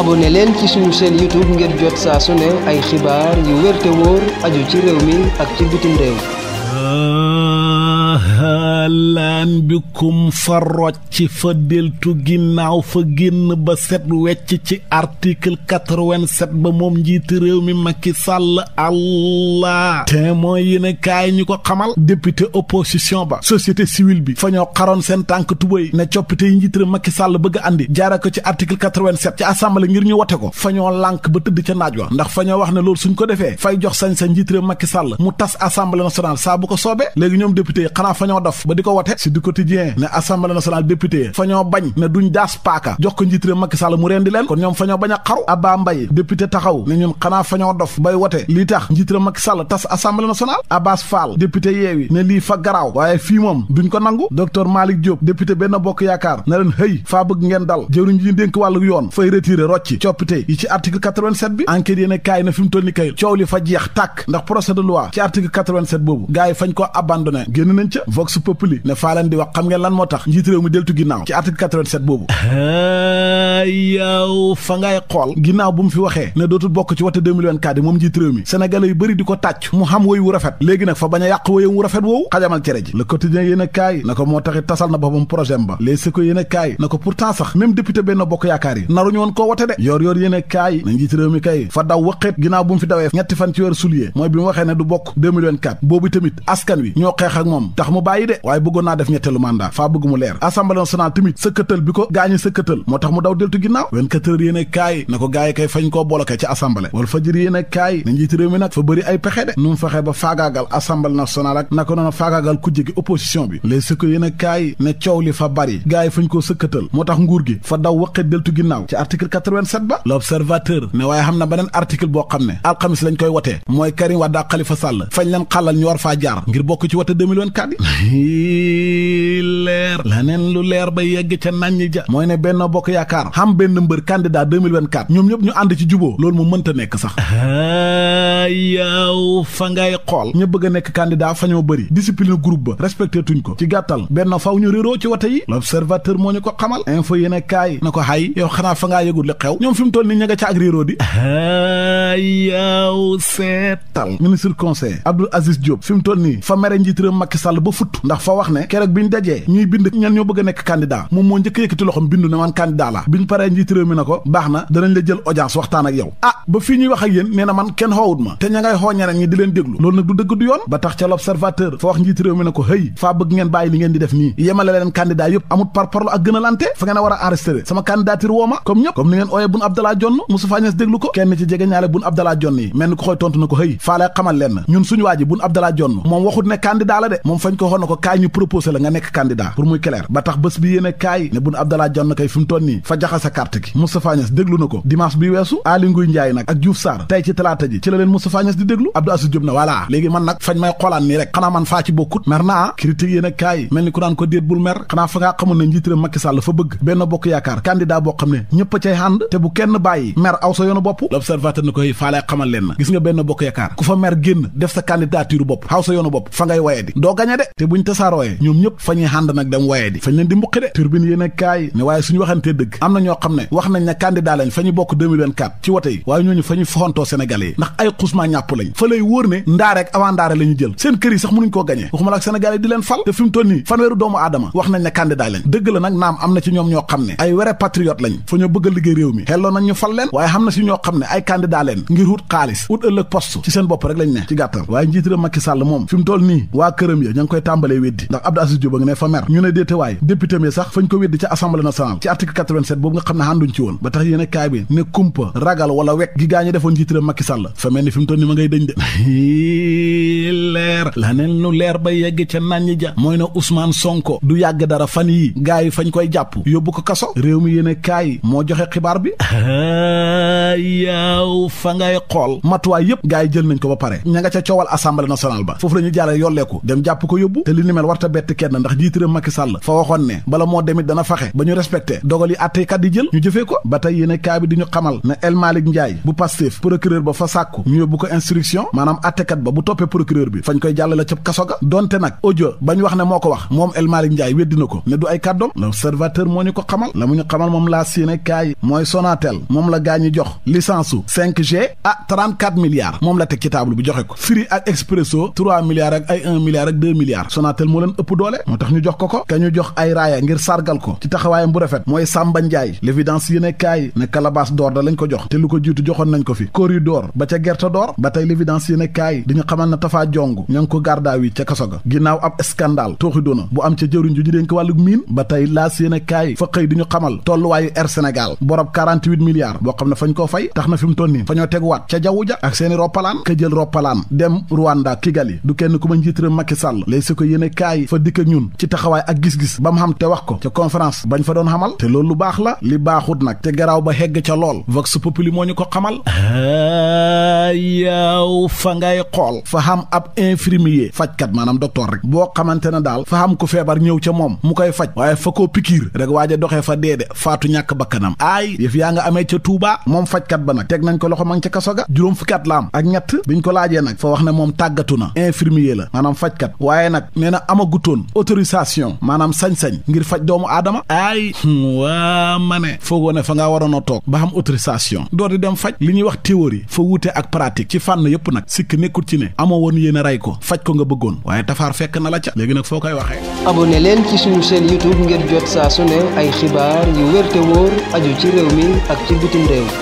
abone leen ci suñu chaîne YouTube ngir jot saasu ne ay xibaar yu wér te aju ci réew mi ak ci bitim réew lan bikum fa rocc fa deltu ginnaaw fa génn ba set wecc ci article 87 ba moom njiiti réew mi Macky Sall allah te mooy yéen a kaay ñu ko xamal député opposition ba société civile bi fa ñoo xaroon seen tànk tubay ne coppite yi njiiti réew Macky Sall bëgg a andi jaara ko ci article 87 ci assemblée ngir ñu wote ko fa ñoo lànk ba tëdd ca naaj wa ndax fa ñoo wax ne loolu suñ ko defee fay jox sañ sa njiiti réew Macky Sall mu tas assemblée nationale saa bu ko soobe léegi ñoom député yi xanaa fa ñoo dof ba di ko wote si du quotidien ne assemblée nationale député fa ñoo bañ ne duñ daas paaka jox ko njiit réew Macky Sall mu rendi leen kon ñoom fa ñoo bañ a xaru Abba Mbaye taxaw ne ñun xanaa fa ñoo dof bay wote lii tax njiit réew Macky Sall tas assemblée nationale Abbas Fall député yeewi ne lii fa garaaw waaye fii moom duñ ko nangu docteur Malick Diop député benn bokk yaakaar na leen hëy faa bëgg ngeen dal jëwriñ ji ñu dénk wàllu yoon fay retiré rocci coppite yi ci article 87 ko abandonné génn nañ ca vox populi ne faa leen di wax xam ngeen lan moo tax njiit réew mi deltu ginnaaw ci article boobu yow fa ngay xool ginnaaw bu mu fi waxee ne dootul bokk ci wate 2024 yi moom njiit mi sénégalais yu bëri di ko tàcc mu xam woy rafet léegi nag fa bañ a yàq woyam wu rafet woowu xajamal cere ji le quotidien yéen kaay na ko moo taxit tasal na boppam projet ba les ko yéen a kaay na ko pourtant sax même député benn bokk yaakaar mi askan wi ñoo xeex ak moom tax mu bàyyi de waaye bëggoon naa def ñetteelu mandat faa bëgg mu leer assemblée nationale tamit sëkkatal bi ko gaañu sëkkatal moo tax mu daw deltu ginnaaw 24 heures yéen e kaay na ko gars kay fañ koo boloke ci assemblée wala fajër yéen e kaay na njiit réew mi fa bëri ay pexe de nu fexe ba faagaagal assemblée nationale ak naka noonu faagaagal kujje gi opposition bi les sëkk yéen e kaay ne coow fa bari moo tax nguur gi fa daw waqe deltu ginnaaw ci article 87 ba ne waaye xam na beneen article boo xam ne alxamis lañ koy wotee mooy Karim Wade ak Khalifa Sall ngir bokk ci wata 2024 yi leer la nen lu leer ba yegg ca nañ ja mooy ne Benno Bokk Yaakaar xam benn mbër candidat 2024 ñoom ñëpp ñu ànd ci juboo loolu mu mënta nekk sax yaaw fangaay xool ñu bëgg a nekk candidat fa ñoo bëri discipline groupe ba respecté tuñ ko ci gàttal benn faw ñu réeroo ci wata yi l'observateur moo ñu ko xamal info yéen a kaay na ko xay yow xanaa fa ngaa li xew ñoom fi mu toll ni ña nga ca ak réeroo di yaaw seetal ministre conseil Abdoul Aziz Diop fi mu toll nii fa mere njiitëram Macky Sall ba futt ndax fa wax ne keroog bi ñu dajee ñuy bind ñan ñoo bëgg a nekk candidat moom moo njëkk yëkkati loxom bindu ne man candidat la bi ñu paree njiitëram mi na ko baax na danañ la jël audience waxtaan ak yow ah ba fii ñuy wax ak yéen nee na man kenn xoowut ma te ña ngay xoo ñeneen ñi di leen déglu loolu nag du dëgg du yoon ba tax ca l'observateur fa wax njiitëram mi ne ko hëy faa bëgg ngeen bàyyi li ngeen di def nii yemale a lante fa ngeen a war a arrêté sama candidature wooma comme ñëpp comme ni ngeen ooyee Boun Abdallah Dionne Moustapha Niasse déglu ko kenn ci jege ñaale Boun Abdallah Dionne yi mel ni ko xooy suñu waa ji Boun moom waxut ne candidat la de moom fañ ko waxoon na ko kaay ñu proposé la nga nekk candidat pour muy clair ba tax bés bi yéene kaay ne Boun Abdallah Dionne kay fi mu nii fa jaxase carte gi Moustapha déglu na ko dimanche bi weesu Aly Ngouille Ndiaye nag ak Diouf Sarr tey ci talaata ji ci la leen Moustapha di déglu Abdou Aziz Diop na voilà léegi man nag fañ may xoolaan nii rek xanaa man faa ci bokkut mer naa critique yéene kaay mel ni ku naan ko déet bul a cay ànd te bu bopp fa waye di doo gañe de te buñ tasaaroowee ñoom ñëpp fa ñuy ànd dem waye di fañ leen di mbuqi de turbine yéen kaay ne waaye suñu waxantee dëgg am na ñoo xam ne wax nañ ne candidat lañ fa ñu bokk 2024 ci wote yi waaye ñooñu fa ñu foxantoo yi ndax ay xusmaa ñàpp lañ fa lay ne ndaa rek ndaare la jël seen kër yi sax mënuñ koo gañee waxuma la ak yi di leen fal te fi mu toll nii fanweeru doomu aadama wax nañ na ci mu toll nii waa këram ya ña koy tàmbalee weddi ndax Abdou Aziz a ngi ne fa mer ñu ne déetewaay député mi sax fañ ko weddi ca assemblée nationale ci article 87 boobu nga xam ne ànduñ ci woon ba tax yéen kaay bi ne kumpa ragal wala wekk gi gaañu defoon ci tëram Macky fa mel ni fi mu ni ma ngay dëñ de leer la neen lu leer ba yegg ca nàññi ja mooy ne Ousmane Sonko du yàgg dara fan yi gaay fañ koy jàpp yóbbu ko kaso réew mi yéen kaay moo joxe xibaar bi yaaw fa ngay xool matuwaay yëpp gaay yi jël nañ ko ba pare ña nga ca coowal jaare yolleeku dem jàpp ko yóbbu te li ni mel warta bett kenn ndax njiit réew Macky Sall fa waxoon ne bala moo demit dana faxe ba ñu respecté dogal yi àttekat yi jël ñu jëfee ko ba tey yéene kaay bi di ñu xamal ne El Malick Ndiaye bu Pastef procureur ba fa sàkku ñu yóbbu ko instruction maanaam àttekat ba bu toppee procureur bi fañ koy jàllale ca kaso donte nag audio bañ wax ne moo ko wax moom El Malick Ndiaye weddi ko ne du ay kàddoom la mu ñu xamal milliards ak ay un milliard ak deux milliards Sonatel moo leen ëpp doole moo tax ñu jox ko ko ka ñu jox ay raaya ngir sargal ko ci taxawaayam bu mooy Samba Ndiaye l'évidence yéene kaay ne calebasse d'or da lañ ko jox te lu ko jiitu joxoon nañ ko fi corridor ba ca gerte d'or ba tey l'évidence yéene kaay di ñu xamal na tafaa jong ña ko gardaaw yi ca kaso ga ginnaaw ab scandale tooxi doona bu am ca jëriñ ju ñu dénk wàllu miin ba tey laas yéene kaay fa xëy di ñu xamal tolluwaayu Air Sénégal borob boo xam ne fañ koo fay tax na fi mu toll nii fa ñoo teguwaat ca jawwu kenn ku ma njiit réew Macky Sall lay si ko yéene kaay fa dikk ñun ci taxawaay ak gis-gis ba mu xam te wax ko ca conférence bañ fa doon xamal te loolu lu baax la li baaxut nag te garaaw ba hegg ca lool vox li moo ñu ko xamal yaw fa ngay xool fa xam ab infirmier fajkat maanaam docteur rek boo xamante ne daal fa xam ku feebar ñëw ca moom mu koy faj waaye fa koo pikiir rek waaja doxee fa de faatu ñàkk bakkanam aay yëf yaa nga amee ca tuubaa moom fajkat ba nag teg nañ ko loxo ma ngi ca juróom fukki la am ak ñett biñ ko laajee nag fa wax infirmier la maanaam fajkat waaye nag nee na amagutoon autorisation maanaam sañ-sañ ngir faj doomu aadama ay waa ma ne foogoo ne fa ngaa waroon a toog ba xam autorisation doo di dem faj li ñuy wax théorie fa wuute ak pratique ci fànn yëpp nag sikk nekkul ci ne amoo woon yéen rey ko faj ko nga bëggoon waaye tafaar fekk na la ca léegi nag foo koy waxee abonné leen ci suñu chaîne YouTube ngir jot saa su ne ay xibaar yu wér wóor aju ci réew mi ak ci bitim